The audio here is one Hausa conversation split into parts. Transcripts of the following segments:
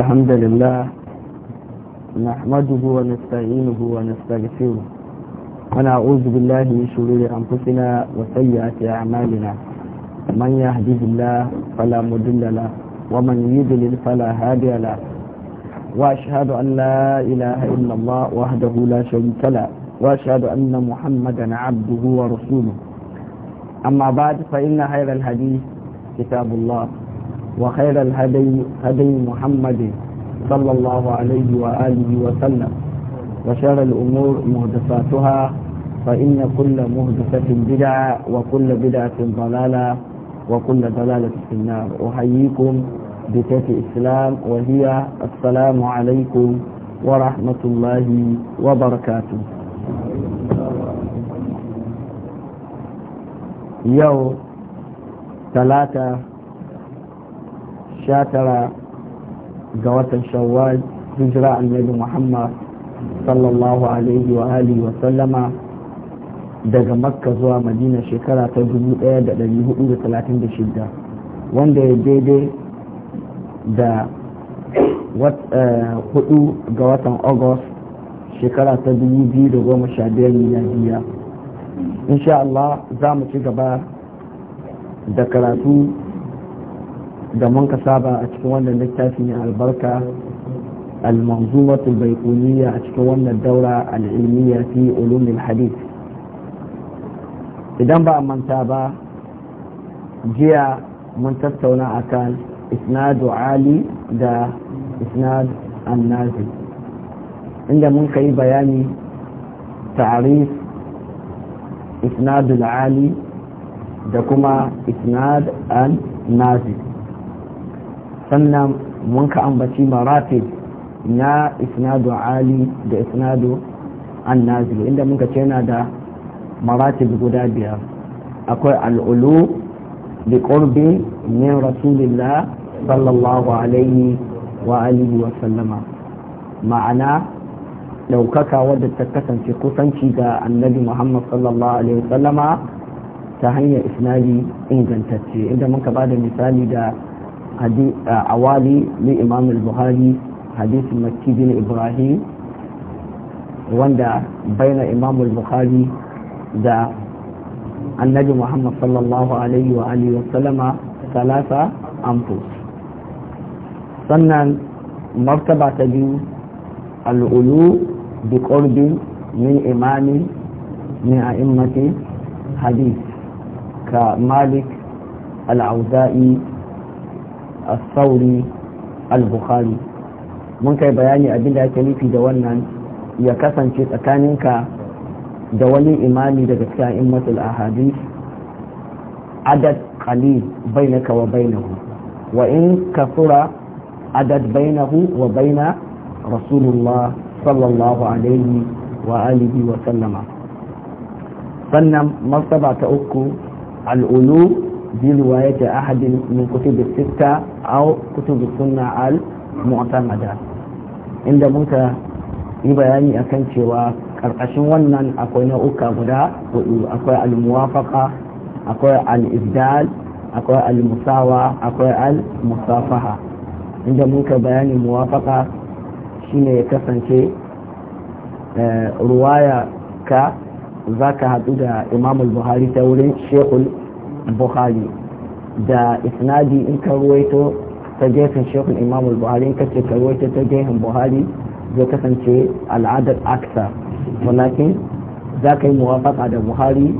الحمد لله نحمده ونستعينه ونستغفره ونعوذ بالله من شرور أنفسنا وسيئات أعمالنا من يهده الله فلا مضل له ومن يضلل فلا هادي له وأشهد أن لا إله إلا الله وحده لا شريك له وأشهد أن محمدا عبده ورسوله أما بعد فإن خير الحديث كتاب الله وخير الهدي هدي محمد صلى الله عليه وآله وسلم وشر الأمور مهدفاتها فإن كل مهدفة بدعة وكل بدعة ضلالة وكل ضلالة في النار أحييكم بتات الإسلام وهي السلام عليكم ورحمة الله وبركاته يوم ثلاثة sha ga watan shawwal hijira annabi muhammad sallallahu alaihi wa alihi wa sallama daga makka zuwa madina shekara ta dubu daya da da da dari hudu talatin shida wanda ya daidai da eh, hudu ga watan august shekara ta dubu biyu da goma sha 2015 miliyariya insha Allah za mu ci gaba da karatu da mun ka saba a cikin wannan littafi ne albarka almanzumatul baikuniya a cikin wannan daura al'ilmiya fi ulumul hadith idan ba a manta ba jiya mun tattauna akan isnadu ali da isnad annazi inda mun kai bayani tarif isnadu ali da kuma isnad annazi sannan mun ka ambaci maratib na isnadu ali da isnadu annazil inda mun ka ce yana da maratib guda biyar akwai al'ulu bi qurbi min rasulillah sallallahu alaihi wa alihi wa sallama ma'ana ɗaukaka wadda ta kasance kusanci ga annabi muhammad sallallahu alaihi wa sallama ta hanyar isnadi ingantacce inda muka ba da misali da awali لإمام البخاري حديث مكي بن ibrahim wanda baina imamu bukhari da annabi muhammad sallallahu alaihi wa alihi wa sallama salasa amfus sannan martaba ta biyu al'ulu bi qurbin min imami min a'immati hadith ka malik al-auza'i as-sauri al mun kai bayani abin da ake nufi da wannan ya kasance tsakaninka da wani imami daga cikin immatul ahadith adad qalil bainaka wa bainahu wa in kasura adad bainahu wa baina rasulullah sallallahu alaihi wa alihi wa sallama sannan martaba ta uku al al'ulu برواية أحد من كتب الستة أو كتب السنة المعتمدة عند موتى يبياني أكن شوى ƙarƙashin wannan akwai nau'uka guda hudu akwai al-muwafaqa akwai al-ibdal akwai al-musawa akwai al-musafaha inda muka bayani muwafaqa shine ya kasance ruwaya ka za ka haɗu da imam buhari ta wurin shekul bukhari da isnadi in ka ruwaito ta gefen shekul imamul buhari in ka ce ka ruwaito ta gefen buhari zai kasance al'adar aksa walakin za ka yi muwafaka da buhari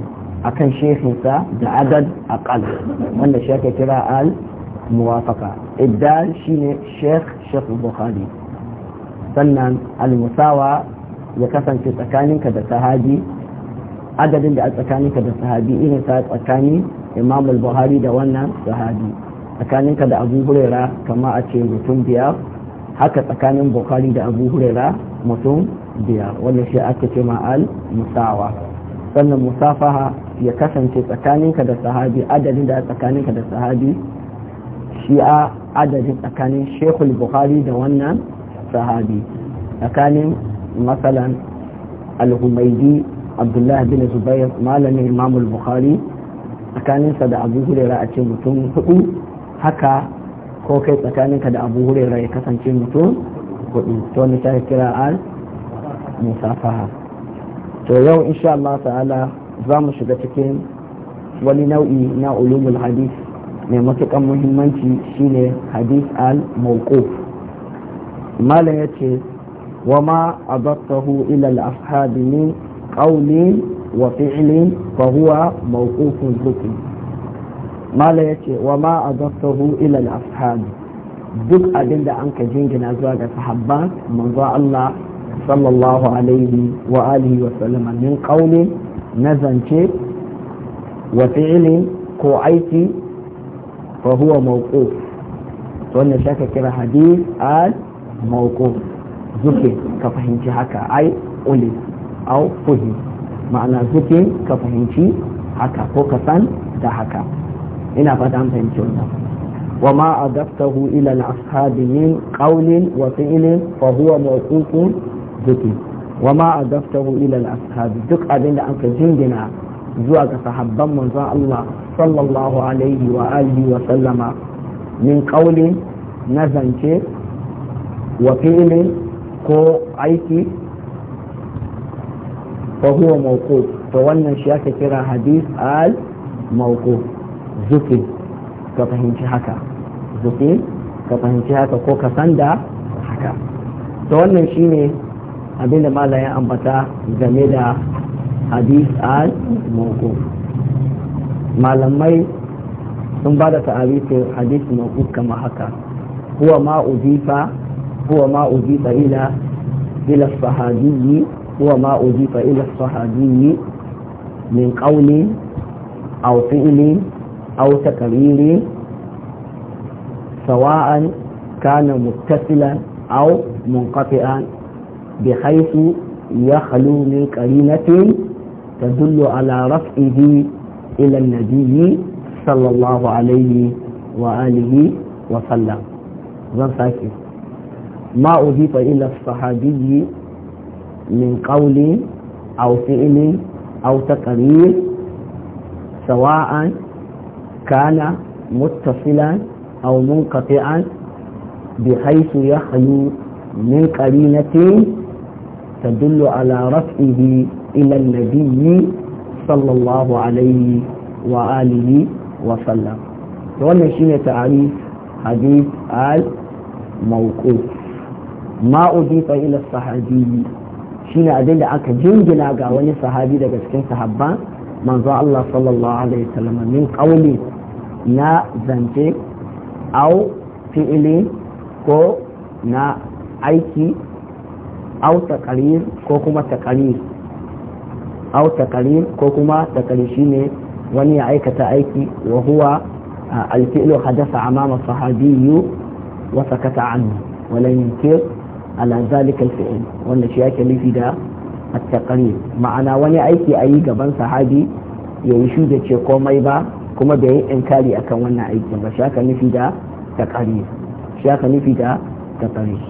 a kan shefinsa da adad aqal wanda shi kira al muwafaka iddal shine shekh shekh buhari sannan al-musawa ya kasance tsakaninka da sahabi adadin da a tsakaninka da sahabi irin sa tsakani imam buhari da wannan sahabi tsakaninka da abu huraira kama a ce mutum biyar haka tsakanin Buhari da abu huraira mutum biyar wanda shi ake ce ma'al musawa sannan musafaha ya kasance tsakaninka da sahabi adadin da tsakaninka da sahabi shi'a adadin tsakanin shekul Buhari da wannan sahabi tsakanin masalan al-humaidi abdullahi bin zubair malamin imamul Buhari. tsakaninsa da abu hurera a ce mutum hudu haka ko kai tsakaninka da abu hurera ya kasance mutum hudu to ni ta kira al musafaha to yau insha Allah ta'ala za mu shiga cikin wani nau'i na ulumul hadis mai matukan muhimmanci shine hadis al mawquf malam yace wa ma adattahu ila al ashabi min qawlin وفعل فهو موقوف ذكر ما لا يتي وما أضفته إلى الأصحاب duk abinda da an ka jingina zuwa ga sahabba manzo Allah sallallahu alaihi wa alihi wa sallama min qawli na zance wa fi'li ko aiki fa huwa mawquf to wannan kira hadith al mawquf zuke ka fahimci haka ai uli au fuhi ma'ana suke ka fahimci haka ko ka san da haka ina fata an fahimci wannan wa ma adaftahu ila al-ashabi min qawlin wa fi'lin fa huwa mawqufun bihi wa ma adaftahu ila al-ashabi duk abin da anka jingina zuwa ga sahabban manzon Allah sallallahu alaihi wa alihi wa sallama min qawlin na zance wa fi'lin ko aiki fa huwa mawquf to wannan shi aka kira hadith al mawquf zufi ka fahimci haka zufi ka fahimci haka ko ka sanda haka to wannan shine abin da malam ya ambata game da hadith al mawquf malamai sun ba da ta'arifin hadith mawquf kama haka huwa ma udifa huwa ma ila ila sahabiyi هو ما أضيف إلى الصحابي من قول أو فعل أو تكرير سواء كان متصلا أو منقطعا بحيث يخلو من قرينة تدل على رفعه إلى النبي صلى الله عليه وآله وسلم ما أضيف إلى الصحابي من قول أو فعل أو تقرير سواء كان متصلا أو منقطعا بحيث يخلو من قرينة تدل على رفعه إلى النبي صلى الله عليه وآله وسلم ولا شيء تعريف حديث الموقوف ما أضيف إلى الصحابي shine abin da aka jingina ga wani sahabi daga cikin sahabban manzo Allah sallallahu alaihi wasallam min qawli na zance au fi'ili ko na aiki au taqrir ko kuma taqrir au taqrir ko kuma taqrir shine wani ya aikata aiki wa huwa al-fi'lu hadatha amama sahabiyyu wa sakata anhu wa lam yunkir ala zalikal fi'il wanda shi yake nufi da at ma'ana wani aiki a yi gaban sahabi ya yi shi da ce komai ba kuma da yin inkari akan wannan aikin ba shi yake nufi da taqrir shi yake nufi da taqrir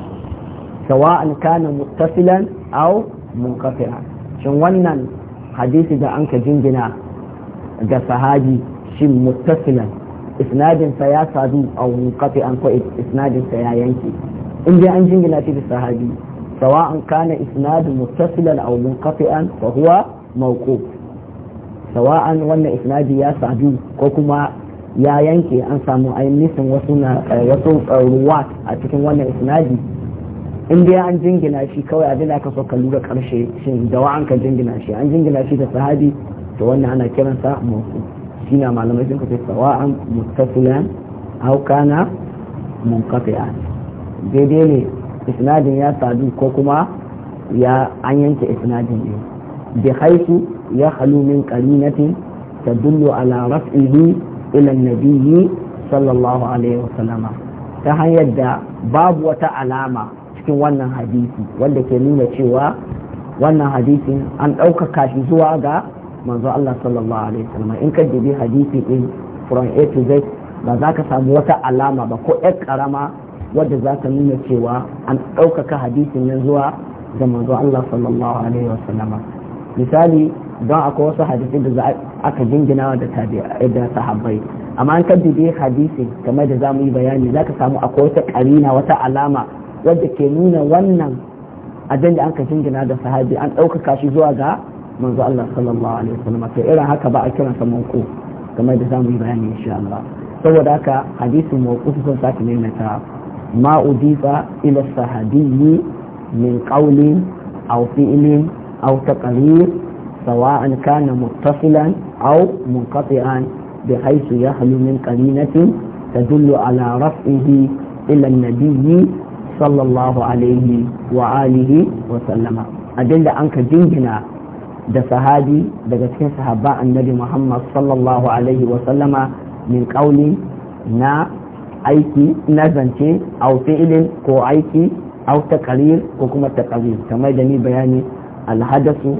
sawa'an kana muttasilan aw munqati'an shin wannan hadisi da an ka jingina ga sahabi shin muttasilan isnadinsa ya sadu a munqati'an ko isnadinsa ya yanke in dai an jingina shi da sahabi سواء كان إسناد متصلا أو منقطعا فهو موقوف سواء وأن إسنادي يا سعدي كوكما يا ينكي أن سامو أي نسن وسنا وسو روات أتكن وأن إسنادي in dai an jingina shi kawai abin da aka so ka lura karshe shin da wa an ka jingina shi an jingina shi da sahabi to wannan ana kiransa mawsu shine malamai sun kace sawa'an muttasilan aw kana munqati'an daidai ne isnadin ya sadu ko kuma ya an yanke isnadin ne bi haisu ya halu min qarinatin tadullu ala raf'ihi ila nabiyyi sallallahu alaihi wasallama ta hanyar da babu wata alama cikin wannan hadisi wanda ke nuna cewa wannan hadisin an ɗaukaka shi zuwa ga manzo Allah sallallahu alaihi wasallam in ka dubi hadisi din from A to Z ba za ka samu wata alama ba ko ƴar ƙarama wadda za ka nuna cewa an ɗaukaka hadisin nan zuwa ga manzo Allah sallallahu alaihi wa sallama misali don akwai wasu hadisi da aka jingina da da sahabbai amma an kaddibe hadisi kamar da za mu yi bayani za ka samu akwai wata karina wata alama wadda ke nuna wannan abin da aka jingina da sahabi an ɗaukaka shi zuwa ga manzo Allah sallallahu alaihi wasallam to irin haka ba a kiran kiransa manko kamar da za mu yi bayani insha Allah saboda haka hadisin mawquf sun sake maimaita ما أضيف إلى الصحابي من قول أو فعل أو تقرير سواء كان متصلا أو منقطعا بحيث يخلو من قرينة تدل على رفعه إلى النبي صلى الله عليه وآله وسلم أدل أنك جنجنا da sahabi daga cikin sahaba annabi Muhammad sallallahu alaihi wasallama min kauli na aiki na zance au fi'ilin ko aiki au taqrir ko kuma taqrir kamar da ni bayani alhadasu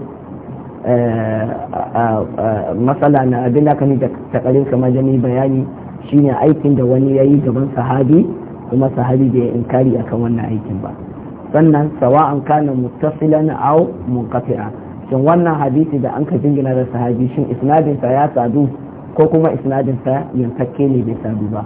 eh, eh, eh, matsala na abin da kan da taqrir kamar da ni bayani shine aikin da wani ya yi gaban sahabi kuma sahabi bai inkari akan wannan aikin ba sannan sawa'an kana muttasilan aw munqati'a shin wannan hadisi da an ka jingina da sahabi shin isnadinsa ya sadu ko kuma isnadinsa yankakke ne bai sadu ba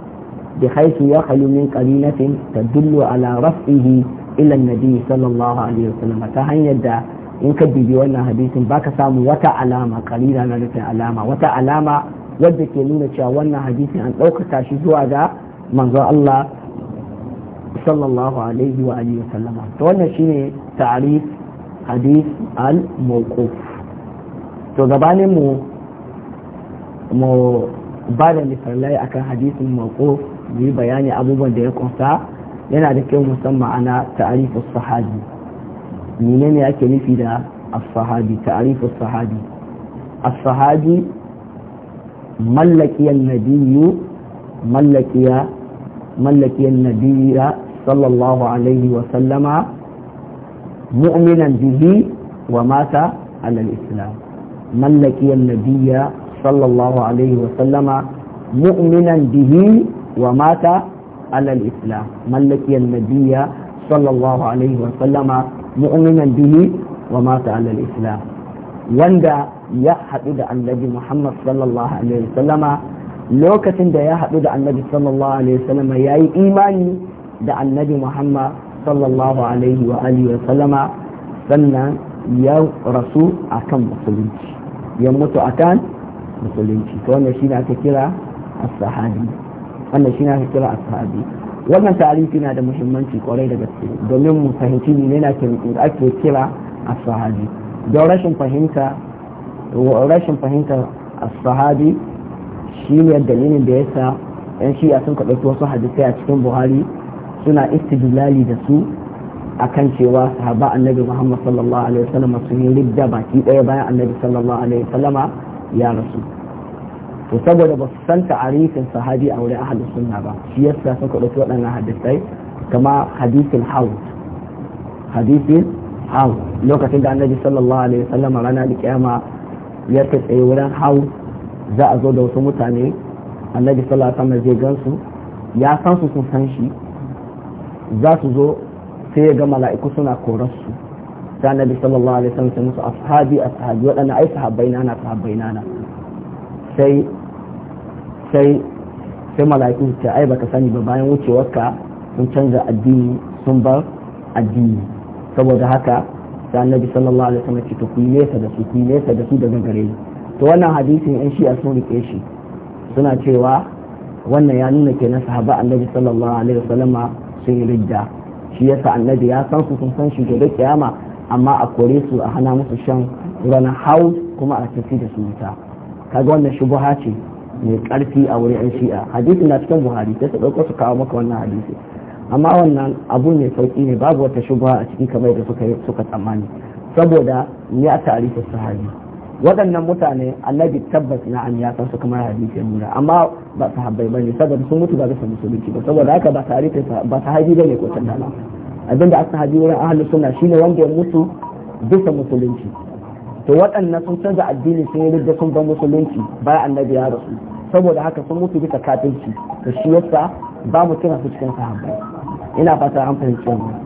بحيث يخلو من قرينة تدل على رفعه إلى النبي صلى الله عليه وسلم تهنيا دا in ka bibi wannan hadisin baka samu wata alama kalila na nufin alama wata alama wadda ke nuna cewa wannan hadisin an ɗaukaka shi zuwa ga manzo Allah sallallahu alaihi wa sallama to wannan shine ta'rif hadis al to mu ba da misalai akan hadisin mawquf yi bayani abubuwan da ya kunsa yana da kyau musamman ana ta'arifu sahabi ne ake nufi da as-sahabi ta'arifu sahabi as-sahabi mallakiyan nabiyyu mallakiya mallakiyan nabiyya sallallahu alaihi wa sallama mu'minan bihi wa mata ala islam mallakiyan nabiyya sallallahu alaihi wa sallama mu'minan bihi wa mata alal islam mallakiyar nabiya sallallahu alaihi wa sallama mu'minan bihi wa mata alal islam wanda ya haɗu da annabi muhammad sallallahu alaihi wa sallama lokacin da ya haɗu da annabi sallallahu alaihi wa sallama ya yi imani da annabi muhammad sallallahu alaihi wa sallama sannan ya rasu akan musulunci ya mutu akan musulunci to wannan shine kira as wannan shi na kira ashabi wannan tarihi na da muhimmanci kwarai da gaske domin mu fahimci ne na ake kira ashabi don rashin fahimta rashin fahimta ashabi shi ne dalilin da yasa yan shi'a sun kaɗauki wasu hadisai a cikin buhari suna istidlali da su akan cewa sahaba annabi muhammad sallallahu alaihi wasallam sun yi ridda baki ɗaya bayan annabi sallallahu alaihi wasallama ya rasu to saboda ba su san ta'arifin sahabi a wurin ahlus sunna ba shi yasa suka dauki waɗannan hadisai kama hadisin hawu hadisin hawu lokacin da annabi sallallahu alaihi wasallam ranar alkiyama ya tsaye wurin hawu za a zo da wasu mutane annabi sallallahu alaihi wasallam zai gansu ya san su sun san shi za su zo sai ya ga mala'iku suna korarsu sai annabi sallallahu alaihi wasallam sai musu ashabi ashabi waɗannan ai sahabbai na na sahabbai na na sai sai sai mala'iku ce ai baka sani ba bayan wucewarka sun canza addini sun bar addini saboda haka da annabi sallallahu alaihi wasallam ce to ku nesa da su ku nesa da su daga gare ni to wannan hadisin an shi a sun rike shi suna cewa wannan ya nuna kenan sahaba annabi sallallahu alaihi wasallama sun yi ridda shi yasa annabi ya san su sun san shi gobe kiyama amma a kore su a hana musu shan ranar haus kuma a tafi da su wuta kaga wannan shubuha ce mai ƙarfi a wurin yan shi'a hadisi na cikin buhari sai su su kawo maka wannan hadisi amma wannan abu mai sauki ne babu wata shubha a cikin kamar da suka suka tsammani saboda ya tarihi sahabi waɗannan mutane annabi tabbas na an ya su kamar hadisi ya nuna amma ba sahabbai bane saboda sun mutu ba bisa musulunci ba saboda haka ba tarihi ba sahabi bane ko tantana abinda aka sahabi wurin ahlus sunna shine wanda ya mutu bisa musulunci to waɗannan sun canza addini sun yi da sun ga musulunci ba annabi ya rasu saboda haka sun mutu bisa kafinci da shi yasa ba mu kira su cikin sahabbai ina fata an fahimci wannan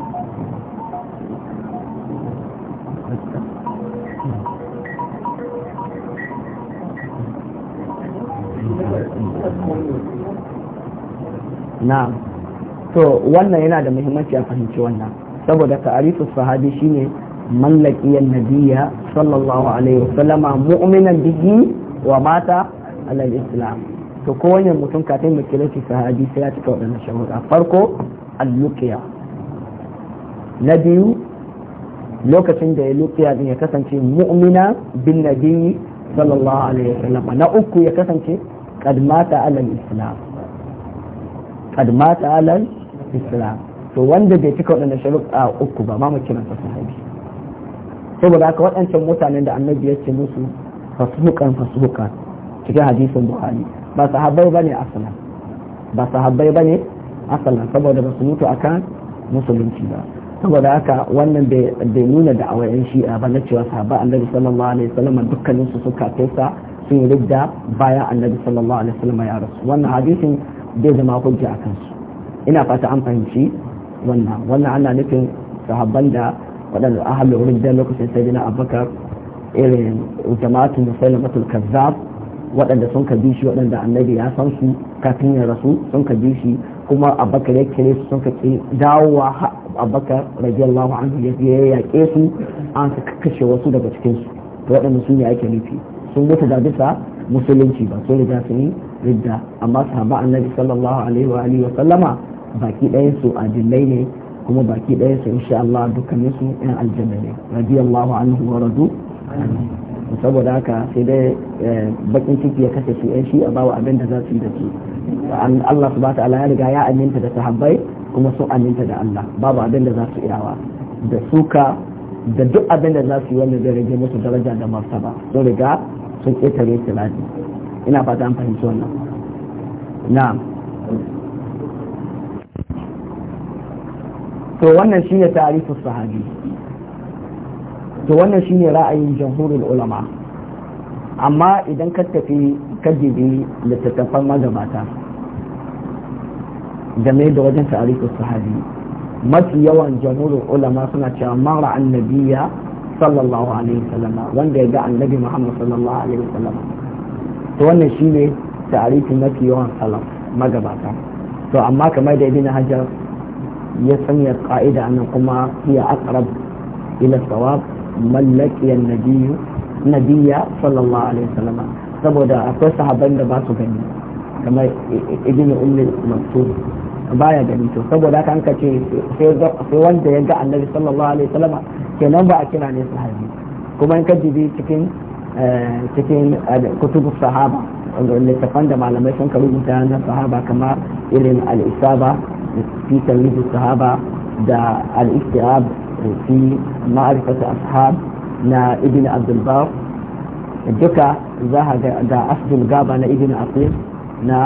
na to wannan yana da muhimmanci a fahimci wannan saboda ta'arifus sahabi shine man Nabiya sallallahu alaihi wasallama mu'minan bihi wa mata alal islam to ko wani mutum kafin mu kira shi sahabi sai ya cika wadannan sharuɗa farko al-luqiya na biyu lokacin da ya luqiya din ya kasance mu'mina bin nabiyyi sallallahu alaihi wasallama na uku ya kasance qad mata alal islam qad mata alal islam to wanda bai cika wadannan sharuɗa uku ba ma mu kira sa sahabi saboda haka waɗancan mutanen da annabi ya ce musu fasuhukan fasuhukan cikin hadisin buhari ba sahabbai bane asalan ba sahabbai bane asalan saboda ba su mutu akan musulunci ba saboda haka wannan bai nuna da awayen shi'a ba na cewa sahabba annabi sallallahu alaihi wasallam dukkanin su suka kaisa sun yi ridda bayan annabi sallallahu alaihi wasallam ya rasu wannan hadisin bai zama hujja akan su ina fata an fahimci wannan wannan ana nufin sahabban da waɗanda ahalin wurin da lokacin sai na abakar irin jama'atun musulmatul kazzab waɗanda sun ka shi waɗanda annabi ya san su kafin ya rasu sun ka bi shi kuma abakar ya kire su sun ka ki dawowa abakar radiyallahu anhu ya yaƙe su an ka kashe wasu daga cikin su to waɗanda sun ne ake nufi sun mutu da bisa musulunci ba sun riga sun yi ridda amma sahaba annabi sallallahu alaihi wa alihi wa sallama baki ɗayan su adillai ne kuma baki ɗaya su insha Allah dukkanin su yan aljanna ne radiyallahu anhu wa radu saboda haka sai dai eh, bakin ciki ya kashe su yan shi a bawa abin da za su yi da su Allah subhanahu ta'ala ya riga ya aminta da sahabbai kuma sun aminta da Allah babu abin da za su iyawa da suka da duk abin da za su yi wanda zai rage musu daraja da martaba sun riga sun ƙetare tilati ina fata an fahimci wannan na'am to wannan shine tarifu sahabi to wannan shine ra'ayin jamhurul ulama amma idan ka tafi kajibi littattafan magabata game da wajen tarifu sahabi mafi yawan jamhurul ulama suna cewa mara annabiya sallallahu alaihi wasallam wanda ya ga annabi muhammad sallallahu alaihi wasallam to wannan shine tarifi mafi yawan salaf magabata to amma kamar da ibn hajar ya sanya ka'ida nan kuma ya aqrab ila sawab man laqiya nabiyya sallallahu alaihi wasallam saboda akwai sahaban da ba su gani kamar ibn ummi maktub baya gani to saboda haka an ka ce sai wanda ya ga annabi sallallahu alaihi wasallam kenan ba a kira ne sahabi kuma in ka jibi cikin eh, cikin eh, kutubu sahaba littafan da malamai sun ka rubuta na sahaba kamar irin al-isaba في تمييز الصحابة دا الاكتئاب في معرفة أصحاب نا ابن عبد البر duka za a ga asdul gaba na ibn asir na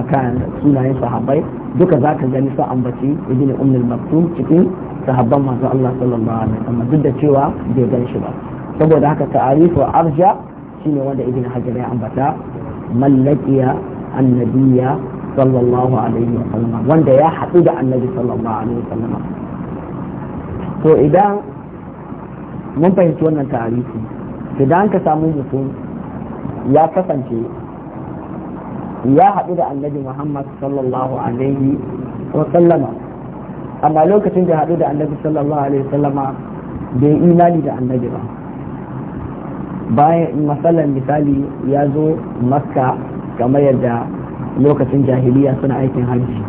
akan sunayen sahabbai duka za ka gani sa ambaci ibn ummul maktum cikin sahabban masu Allah sallallahu alaihi wasallam duk da cewa bai gan shi ba saboda haka ta'arifu arja ne wanda ibn hajar ya ambata mallakiya annabiya sallallahu alaihi wa sallama wanda ya haɗu da annabi sallallahu alaihi wa sallama to idan mun fahimci wannan tarihi idan ka samu mutum ya kasance ya haɗu da annabi muhammad sallallahu alaihi wa sallama amma lokacin da haɗu da annabi sallallahu alaihi wa sallama bai imani da annabi ba bayan masalan misali ya zo makka kamar yadda lokacin jahiliya suna aikin hajji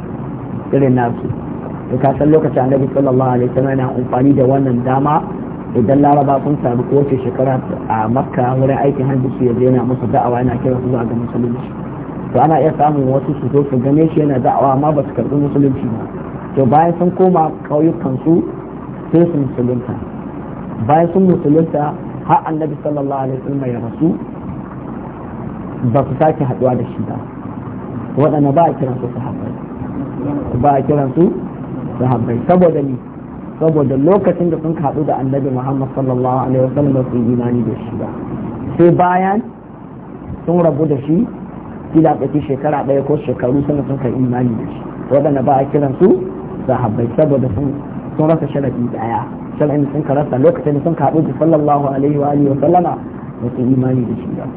irin nasu to ka san lokacin annabi sallallahu alaihi wasallam yana amfani da wannan dama idan laraba sun samu kowace shekara a makka wurin aikin hajji su yanzu yana musu da'awa yana kira su zuwa ga musulunci to ana iya samun wasu su zo su gane shi yana da'awa amma ba su karɓi musulunci ba to bayan sun koma ƙauyukansu sai su musulunta bayan sun musulunta har annabi sallallahu alaihi wasallam ya rasu ba su sake haɗuwa da shi ba waɗanda ba a kiran su sahabbai ba a kiran su sahabbai saboda ni saboda lokacin da sun haɗu da annabi Muhammad sallallahu alaihi wa wasallam sun yi imani da shi ba sai bayan sun rabu da shi kila tsaki shekara ɗaya ko shekaru sannan sun kai imani da shi waɗanda ba a kiran su sahabbai saboda sun sun rasa sharafi daya sharafin sun karasa lokacin da sun haɗu da sallallahu alaihi wa alihi wa sallama ba imani da shi ba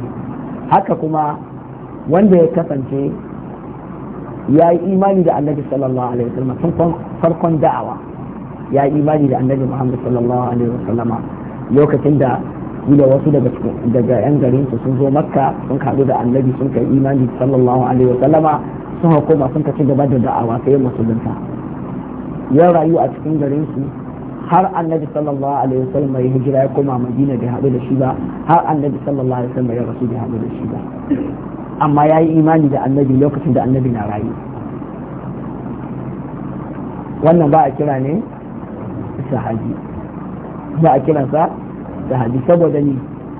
haka kuma wanda ya kasance ya yi imani da annabi sallallahu alaihi wasallam tun farkon da'awa ya yi imani da annabi muhammad sallallahu alaihi wasallama lokacin da kila wasu daga daga yan garin su sun zo makka sun kaɗu da annabi sun kai imani sallallahu alaihi wasallama sun hukuma sun ka ci gaba da da'awa sai musulunta ya rayu a cikin garin su har annabi sallallahu alaihi wasallam ya hijira ya koma madina bai haɗu da shi ba har annabi sallallahu alaihi wasallam ya rasu da haɗu da shi ba amma ya yi imani da annabi lokacin da annabi na rayu wannan ba a kira ne sahabi ba a kiransa sahabi saboda ni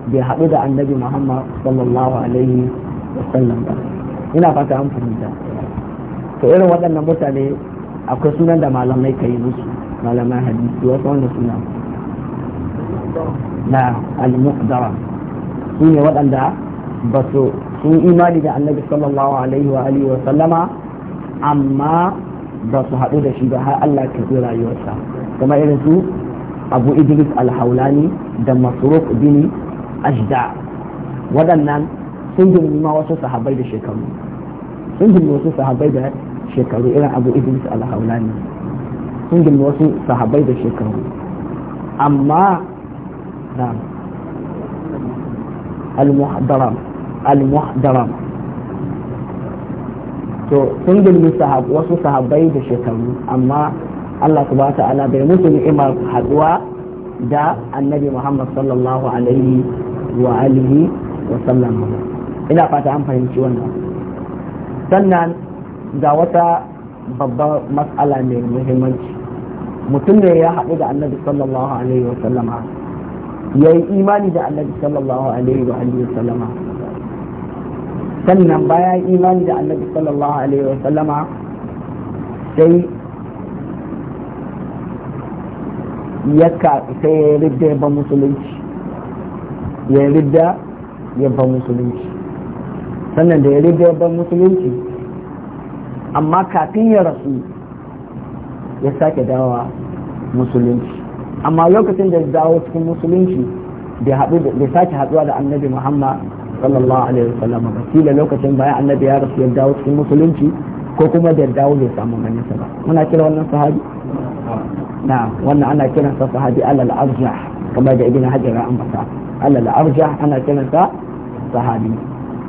bai haɗu da annabi muhammad sallallahu alaihi wasallam ba ina fata an fahimta to irin waɗannan mutane akwai sunan da malamai ka yi musu malamai hadisi wasu wanda suna na al-muqdara su ne waɗanda ba su sun imani da annabi sallallahu alaihi wa alihi wa sallama amma ba su haɗu da shi ba har Allah ya karɓi rayuwarsa kuma irin su Abu Idris al-Haulani da Masruq bin Ajda waɗannan sun girmi ma wasu sahabbai da shekaru sun girmi wasu sahabbai da shekaru irin Abu Idris al-Haulani sun girmi wasu sahabbai da shekaru amma al-muhaddaram al-muhdaram to sun girbi wasu sahabbai da shekaru amma Allah subhanahu ta'ala bai mutu ni'imar haduwa da annabi Muhammad sallallahu alaihi wa alihi wa sallam ina fata an fahimci wannan sannan ga wata babbar mas'ala mai muhimmanci mutum ne ya haɗu da annabi sallallahu alaihi wa sallama ya yi imani da annabi sallallahu alaihi wa alihi wa sallama sannan baya imani da annabi sallallahu alaihi wa sallama sai ya sai ya ridda ya ba musulunci ya ridda ya ba musulunci sannan da ya ridda ya ba musulunci amma kafin ya rasu ya sake dawa musulunci amma lokacin da ya dawo cikin musulunci bai sake haɗuwa da annabi muhammad sallallahu alaihi wasallam ba kila lokacin baya annabi ya rasu ya dawo cikin musulunci ko kuma da dawo bai samu ganin sa ba muna kira wannan sahabi na wannan ana kiran sa sahabi alal arjah kamar da ibn hajar ya ambata alal arjah ana kiran sa sahabi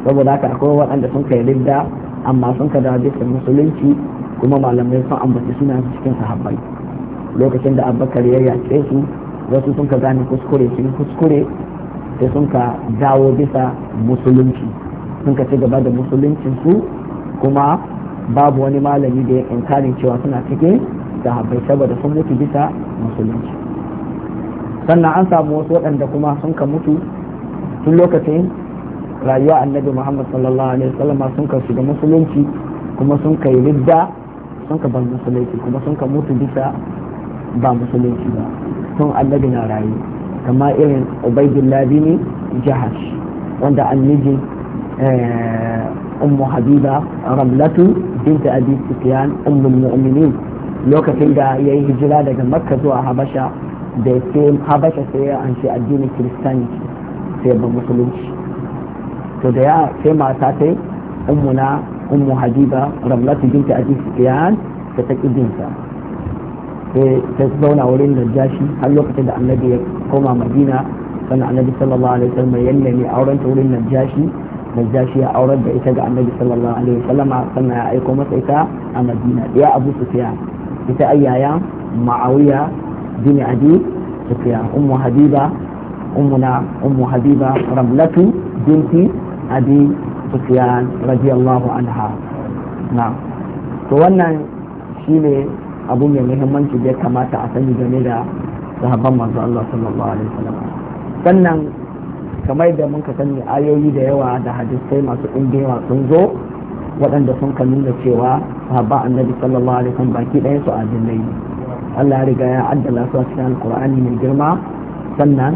saboda haka akwai waɗanda sun kai ridda amma sun ka dawo bisa musulunci kuma malamai sun ambaci suna cikin sahabbai lokacin da abubakar ya yace su wasu sun ka gane kuskure sun kuskure sai sun ka dawo bisa musulunci sun ka ci gaba da musuluncin su kuma babu wani malami da ya inkarin cewa suna cike da habai saboda sun mutu bisa musulunci sannan an samu wasu waɗanda kuma sun ka mutu tun lokacin rayuwa annabi muhammad sallallahu alaihi wasallam sun ka shiga musulunci kuma sun ka yi ridda sun ka bar musulunci kuma sun ka mutu bisa ba musulunci ba tun annabi na rayu kama irin ubaidullah bin jahash wanda annijin eh, ummu habiba ramlatu binta abi sufyan ummul mu'minin lokacin da ya yi hijira daga makka zuwa habasha da ke habasha sai ya anshi addinin kiristanci sai ba musulunci to da ya sai mata ta ummuna ummu habiba ramlatu binta abi sufyan ta ta kidinsa sai ta zauna wurin jashi har lokacin da annabi ya koma madina sannan annabi sallallahu alaihi wasallam ya nemi auren ta wurin najashi najashi ya aurar da ita ga annabi sallallahu alaihi wasallama sannan ya aiko masa ita a madina ya abu sufyan ita ayyaya ma'awiya bin adi sufyan ummu habiba ummuna ummu habiba ramlatu binti abi sufyan radiyallahu anha na to wannan shine abu mai muhimmanci da ya kamata a sani game da sahabban manzo Allah sallallahu alaihi wasallam sannan kamar da mun ka sani ayoyi da yawa da hadisai masu ɗimbewa sun zo waɗanda sun ka nuna cewa sahabban annabi sallallahu alaihi wasallam baki ɗaya su a jinnai Allah ya riga ya addala su a cikin alqur'ani mai girma sannan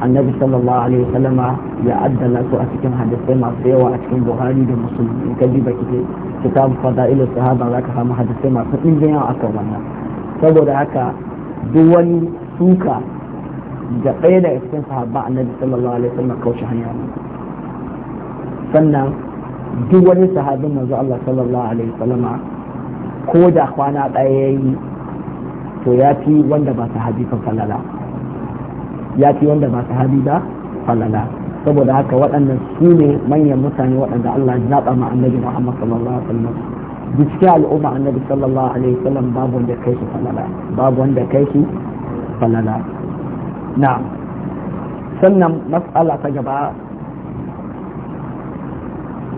annabi sallallahu alaihi wasallam ya addala su a cikin hadisai masu yawa a cikin buhari da musulmi in ka ji baki kitabu fada'ilu sahaba za ka samu hadisai masu ɗin yawa akan wannan saboda haka duk wani suka da ɗaya daga cikin sahabba annabi sallallahu alaihi wasallam kauce hanya sannan duk wani sahabin manzo Allah sallallahu alaihi wasallama ko da kwana ɗaya yayi to ya fi wanda ba sahabi fa falala ya fi wanda ba sahabi ba falala saboda haka waɗannan su ne manyan mutane waɗanda Allah ya zaɓa ma annabi Muhammad sallallahu alaihi wasallam biske al'umma annabi sallallahu alaihi wasallam babu wanda kai shi falala babu wanda kai shi falala Na, sannan matsala ta gaba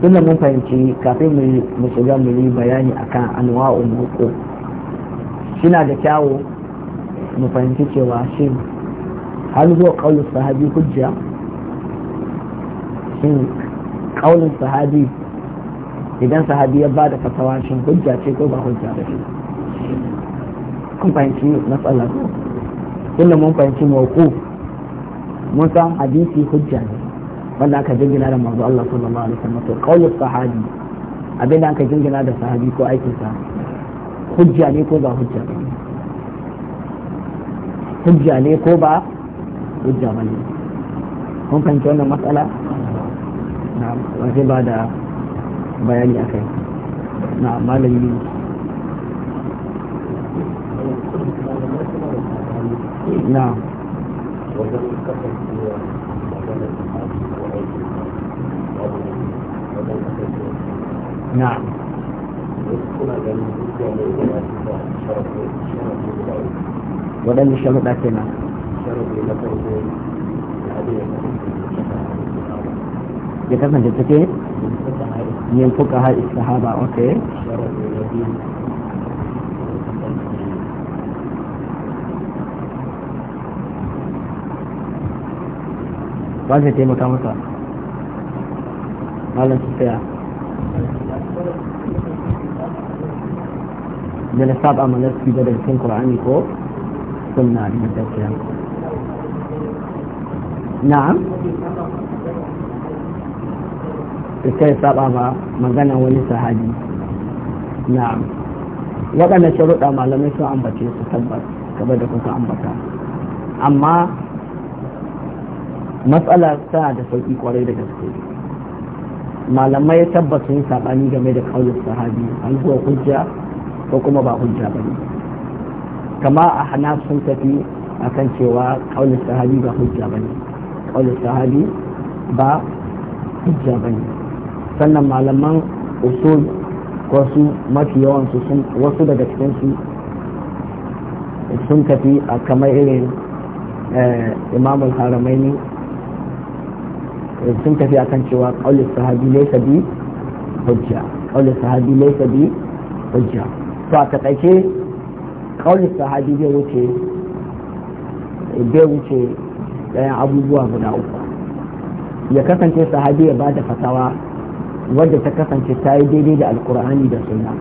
inda mun fahimci kafin mu shiga mu yi bayani akan anwa'ul hukum shina da kyawu mu fahimci cewa shin hal zuwa qaulus sahabi hujja cikin kaulin sahabi idan sahabi ya ba da fatawa shin hujja ce ko ba hujja ba shi kun fahimci matsala ko tunda mun fahimci mawuku mun san hadisi hujja ne wanda aka jingina da mazu Allah sallallahu alaihi wasallam to kaulin sahabi abinda aka jingina da sahabi ko aikin sa hujja ne ko ba hujja ba hujja ne ko ba hujja ba ne kun fahimci wannan matsala na'am ba da bayani a kai na malami na'am na'am waɗanda sharaɗa na ذكرنا جزء كيف من فقهاء الصحابة أوكي واجه تيم وكامسا مالا سفيا من السابع من في بدل سن قرآني كو سنة نعم kai saba ba magana wani sahabi na waɗanda sharuɗa malamai sun ambace su tabbas kamar da kuka ambata amma matsala ta da sauƙi kwarai da gaske malamai tabbas sun saɓani game da ƙaunar sahabi an zuwa hujja ko kuma ba hujja ba ne kama a hana sun tafi a kan cewa ƙaunar sahabi ba hujja ba ne ƙaunar sahabi ba hujja ba ne sannan malaman usul wasu mafi yawansu wasu daga cikinsu sun tafi a kamar irin eh, imamul haramaini eh, sun tafi akan cewa ƙaunar sahabi laisa bi hujja ƙaunar sahabi laisa bi hujja to a taƙaice ƙaunar sahabi zai wuce bai wuce ɗayan abubuwa guda uku ya kasance sahabi ya ba da fatawa wadda ta kasance ta yi daidai da alkur'ani da sunna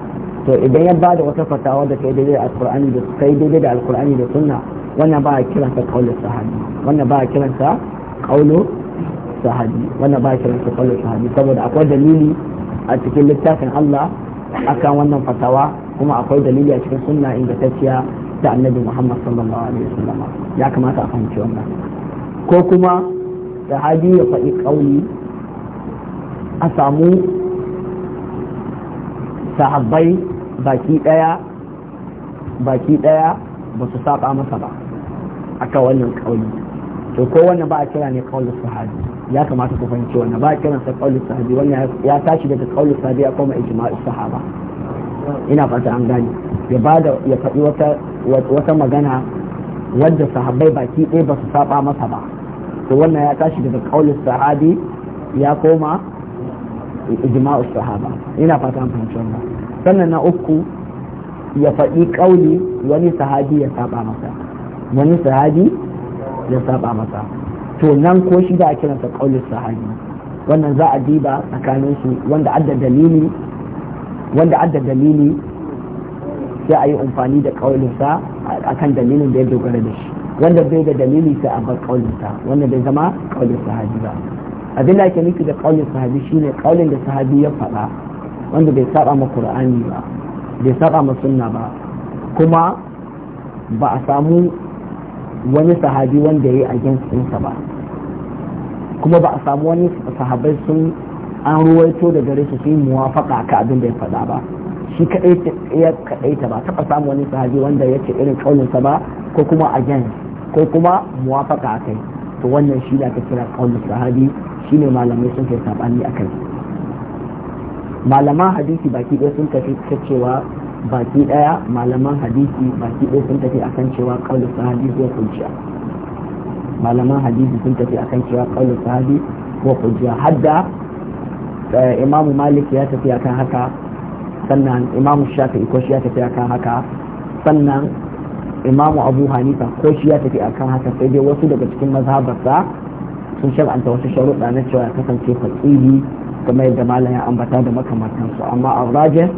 to idan ya bada wata fatawa da ta yi daidai da alkur'ani da ta yi daidai da alkur'ani da sunna wannan ba a kiransa kaulu sahabi wannan ba a kiransa kaulu sahabi wannan ba a kiransa kaulu sahabi saboda akwai dalili a cikin littafin Allah akan wannan fatawa kuma akwai dalili a cikin sunna ingantacciya da annabi Muhammad sallallahu alaihi wasallam ya kamata a fahimci wannan ko kuma sahabi ya faɗi kauli a samu sahabbai baki daya baki daya ba su saba masa ba aka wannan kauli to ko wannan ba a kira ne kaulin sahabi ya kamata ku fahimci wannan ba a kira sa kaulin sahabi wannan ya tashi daga kaulin sahabi ya koma ijma'u sahaba ina fata an gani. ya bada ya faɗi wata wata magana wadda sahabbai baki ɗaya ba su saba masa ba to wannan ya tashi daga kaulin sahabi ya koma ijma'u sahaba ina fata an fahimci wannan sannan na uku ya faɗi kauli wani sahabi ya saba masa wani sahabi ya saba masa to nan ko shi da a kiransa kaulin sahabi wannan za a diba tsakanin su wanda adda dalili wanda adda dalili sai a yi amfani da kaulinsa akan dalilin da ya dogara da shi wanda bai da dalili sai a bar sa, wanda bai zama kaulin sahabi ba abin da ake nufi da kaulin sahabi shine kaulin da sahabi ya faɗa wanda bai saba ma qur'ani ba bai saba ma sunna ba kuma ba a samu wani sahabi wanda ya yi against ɗinsa ba kuma ba a samu wani sahabai sun an ruwaito da gare su sun muwafaka ka abin da ya faɗa ba shi kadai ya kaɗai ta ba taɓa samu wani sahabi wanda ya ce irin ƙauninsa ba ko kuma against ko kuma muwafaka kai to wannan shi da aka kira ƙaunin sahabi ne malamai sun kai sabani kai malaman hadisi baki ɗaya sun tafi ta cewa baki ɗaya malaman hadisi baki ɗaya sun tafi akan cewa ƙaunar sahabi ko hujja malaman hadisi sun tafi akan cewa ƙaunar sahabi ko hujja hadda eh, imamu malik ya tafi akan haka sannan imamu shafi ko shi ya tafi akan haka sannan imamu abu hanifa ko shi ya tafi akan haka sai dai wasu daga cikin mazhabarsa sun shar'anta wasu sharuɗa na cewa ya kasance faƙihi kamar yadda malam ya ambata da makamantansu amma a rajin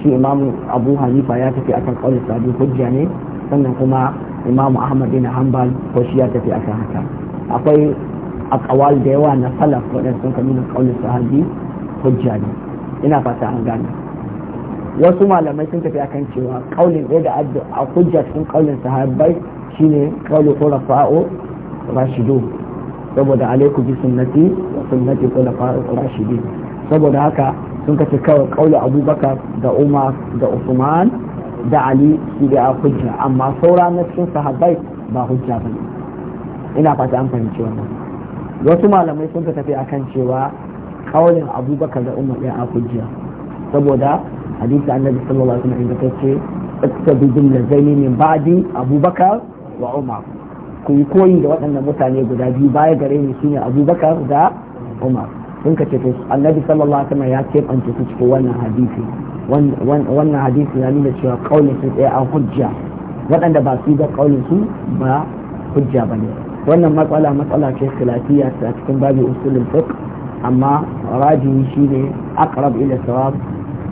shi imamu abu hanifa ya tafi akan ƙaunar sabi hujja ne sannan kuma imamu ahmad bin hanbal ko shi ya tafi akan haka akwai akawal da yawa na salaf waɗanda sun nuna ƙaunar sahabi hujja ne ina fata an gane wasu malamai sun tafi akan cewa ƙaunin ɗaya da a hujja cikin ƙaunin sahabbai shine ƙaunin ko rafa'o rashidu saboda alaiku bi sunnati wa sunnati khulafa'ir rashidin saboda haka sun kace kawai kauli abubakar da umar da usman da ali su da hujja amma saura na cikin sahabbai ba hujja ba ne ina fata an fahimci wannan wasu malamai sun ka tafi akan cewa kaulin abubakar da umar ya hujja saboda hadisi annabi sallallahu alaihi wasallam inda kace ittabi bil ladaini min ba'di abubakar wa umar ku yi koyi da waɗannan mutane guda biyu baya gare ni shine abubakar da umar sun ka ce to annabi sallallahu alaihi wasallam ya ce an ce cikin wannan hadisi wannan hadisi ya nuna cewa kaulin su tsaye an hujja waɗanda ba su da kaulin su ba hujja ba ne wannan matsala matsala ce khilafiya ta cikin babu usulul fiqh amma rajihi shine aqrab ila sawab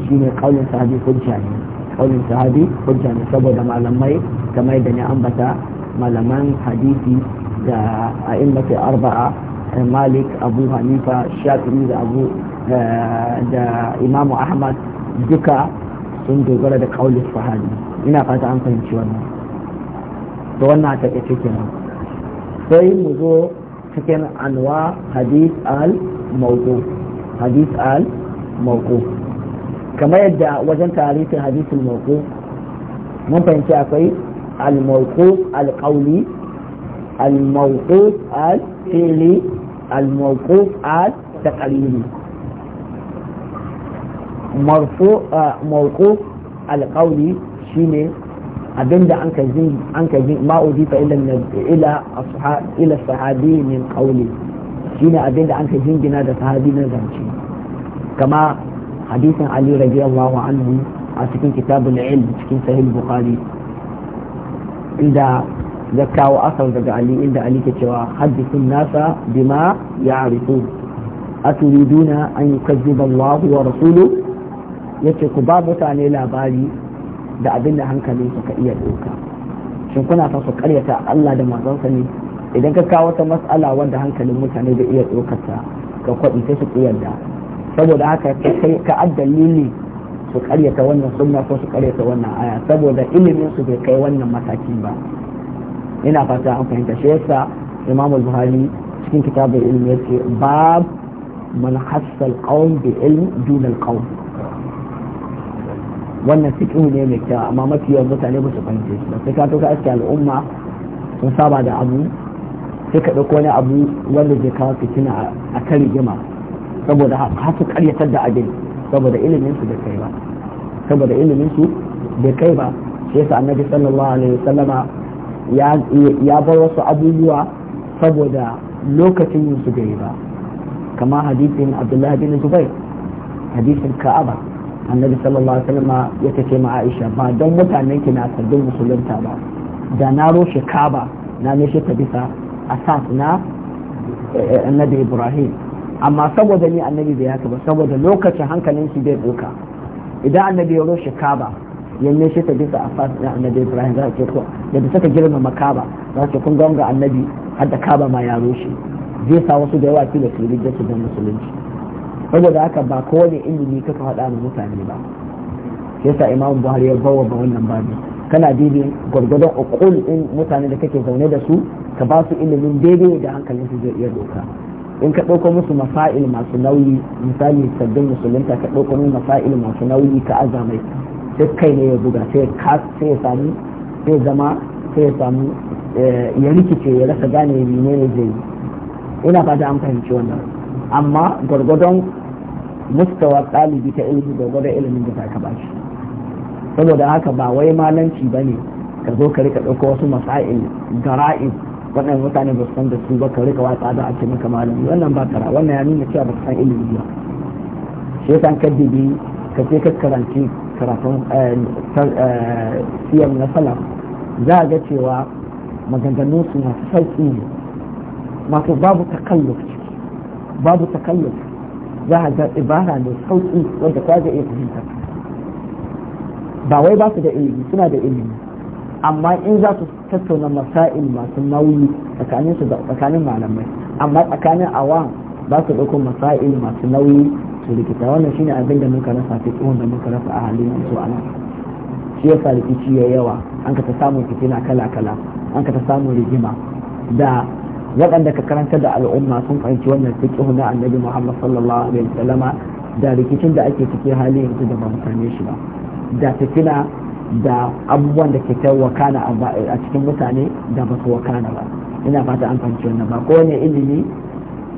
shine kaulin sahabi hujja ne kaulin sahabi hujja ne saboda malamai kamar da ne ambata malaman hadisi da a a'immatu arba'a eh, malik abu hanifa shafi'i da abu eh, da imamu ahmad duka sun dogara da kaulin sahabi ina fata an fahimci wannan to wannan a take kenan sai mu zo cikin anwa hadis al mawdu hadis al mawdu kamar yadda wajen tarihin hadith al mawdu mun fahimci akwai الموقوف القولي الموقوف الفعلي الموقوف التقليدي مرفوع موقوف القولي شيني abinda an ka jin an ka jin ma udifa ila ila ila sahabi min qawli shine abinda an ka jingina da sahabi na zance kama hadisin ali radiyallahu anhu a cikin kitabul ilm cikin sahih bukhari inda ya kawo daga ali inda ali ke cewa haddisun nasa bima ya arifu aturiduna an yukazziba Allah wa rasulu yace ku ba mutane labari da abin da hankalin suka iya doka shin kuna fa su karyata Allah da manzonsa ne idan ka kawo wata mas'ala wanda hankalin mutane da iya dokarta ka kwaɗi sai su da saboda haka ka addalili su karyata wannan sunna ko su karyata wannan aya saboda ilimin su bai kai wannan mataki ba ina fata an fahimta shi yasa imam al-buhari cikin kitabul ilmi yace bab man hassa qawm bi ilm dun al-qawm wannan fiqh ne mai kyau amma mafi yawan mutane ba su fahimce shi ba sai ka to aski al'umma sun saba da abu sai ka ɗauko wani abu wanda zai kawo fitina a kan rigima saboda har su karyatar da abin saboda ilimin su da kai ba saboda ilimin su bai kai ba sai yasa annabi sallallahu alaihi wasallama ya bar wasu abubuwa saboda lokacin yin su bai ba kama hadisin abdullahi bin zubair hadisin ka'aba annabi sallallahu alaihi wasallama ya tace ma aisha ba don mutanen ki na sabbin musulunta ba da na roshe ka'aba na nishe ta bisa asas na eh, annabi ibrahim amma saboda ni annabi bai haka ba saboda lokacin hankalin shi bai doka idan annabi ya rushe kaba yanne shi ta bisa a na annabi ibrahim za a ce ko yadda suka girmama kaba za a ce kun ga annabi har da kaba ma ya rushe zai sa wasu da yawa da su da su don musulunci saboda haka ba kowane ilimi kaka faɗa ma mutane ba sai sa imam buhari ya bawa ba wannan babu kana bibi gwargwadon ukul din mutane da kake zaune da su ka ba su ilimin daidai da hankalin su zai iya doka in ka ɗauko musu masa'il masu nauyi misali sabbin musulunta ka ɗauko musu masa'il masu nauyi ka azamai duk kai ne ya buga sai ka sai ya samu sai zama sai ya samu eh, ya rikice ya rasa gane ne ne zai yi ina fata an fahimci wannan amma gwargwadon mustawa ɗalibi ta ilimi gwargwadon ilimin da za ka shi. saboda haka ba wai malanci ba ne ka zo ka rika ɗauko wasu masa'il gara'in wannan mutane ba san da su ba ka rika watsa da ake maka malami wannan ba tara wannan ya nuna cewa ba san ilimi ba shi yasa ka dibi ka ce ka karanci karatun eh, eh, siyam na salaf za a ga cewa maganganun su masu sauƙi ne masu babu takalluf babu takalluf za a ga ibara ne sauƙi wanda kwa zai iya fahimta ba wai ba su da ilimi suna da ilimi amma in za su tattauna masa'il masu nauyi tsakanin su tsakanin malamai amma tsakanin awam ba su ɗauko masa'il masu nauyi su rikita wannan shine abin da muka rasa fi tsohon da muka rasa a halin yanzu a nan shi yasa rikici ya yawa an ka ta samun fitina kala kala an ka ta samun rigima da waɗanda ka karanta da al'umma sun fahimci wannan fiqh na annabi Muhammad sallallahu alaihi wasallama da rikicin da ake ciki halin yanzu da ba mu same shi ba da fitina da abubuwan da ke ta wakana a cikin mutane da ba su wakana ba ina fata an fahimci wannan ba kowane ilimi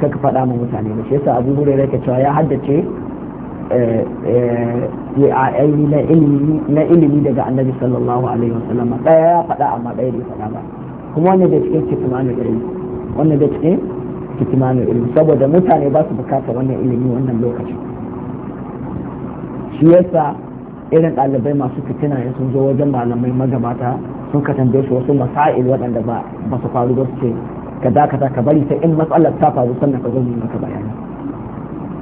kaka faɗa ma mutane ba shi yasa abu rai ka cewa ya haddace eh, eh, na ilimi daga annabi sallallahu alaihi wasallam ɗaya ya faɗa amma ɗaya bai faɗa ba kuma wannan da cikin kitimanin ilimi wannan da cikin kitimanin ilimi saboda mutane ba su bukata wannan ilimi wannan lokacin shi yasa irin ɗalibai masu fitina ya sun zo wajen malamai magabata sun ka tambaye su wasu masa'il waɗanda ba su faru ba su ce ka dakata ka bari ta in matsalar ta faru sannan ka zo mu maka bayani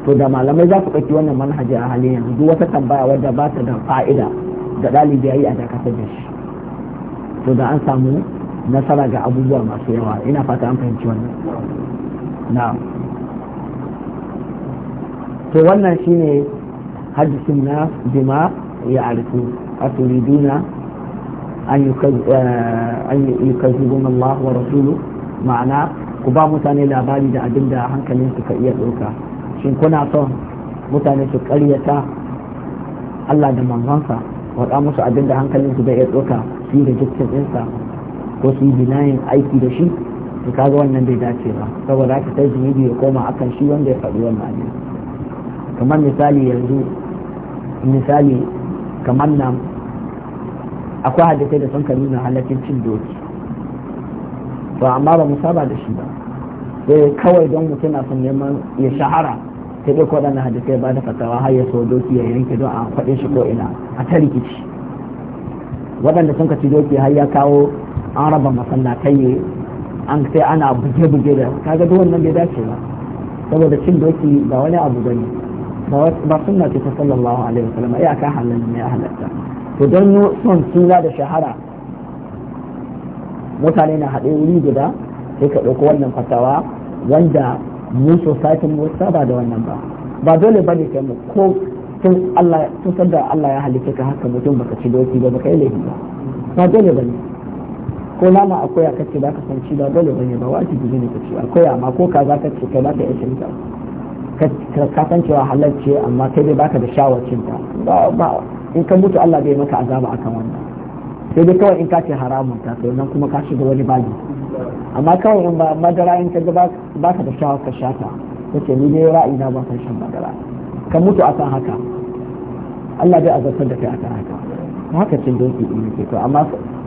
to da malamai za su ɗauki wannan manhaji a halin yanzu duk wata tambaya wadda ba ta da fa'ida da ɗalibi yayi a dakatar da shi to da an samu nasara ga abubuwa masu yawa ina fata an fahimci wannan na to wannan shine hadisin na bima يعرفوا أتريدون أن يكذبون الله ورسوله ma'ana ku ba mutane labari da abin da ka iya ɗauka shin kuna son mutane su ƙaryata Allah da manzansa waɗa musu abin da hankalin su bai iya ɗauka su yi rejectin ko su yi binayin aiki da shi su kaga wannan bai dace ba saboda haka sai zunubi ya koma akan shi wanda ya faɗi wannan abin kamar misali yanzu misali kamar nan akwai hadisai da sun ka nuna halakin cin doki to amma ba mu saba da shi ba sai eh, kawai don mutum na son neman ya shahara sai dai na hadisai ba da fatawa har ya so doki ya yanke don a kwaɗe shi ko ina a ta rikici waɗanda sun ka ci doki har ya kawo an raba masallatai an sai ana buge-buge da kaga duk wannan bai dace ba saboda cin doki ba wani abu bane ba sunna ce ta sallallahu alaihi wasallam ya ka halin ne ya halatta to don son suna da shahara mutane na haɗe wuri guda sai ka ɗauko wannan fatawa wanda mu sosaitin mu saba da wannan ba ba dole ba ne kai mu ko tun Allah tun sanda Allah ya halitta ka haka mutum baka ci doki ba baka yi laifi ba ba dole ba ne ko nama akwai a kace ba ka san ci ba dole ba ne ba wajibi ne ka ci akwai amma ko kaza kace kai ba ka yi shirka ka san cewa halal ce amma kai dai baka da shawarcin ta ba ba in ka mutu Allah bai maka azaba akan wannan sai dai kawai in ka ce haramun ta to nan kuma ka shiga wani baji amma kawai in ba madara in ka ga baka da shawar ka sha ta kace ni dai ra'ayi na ba san shan madara ka mutu akan haka Allah bai azabtar da kai akan haka haka cin doki din yake to amma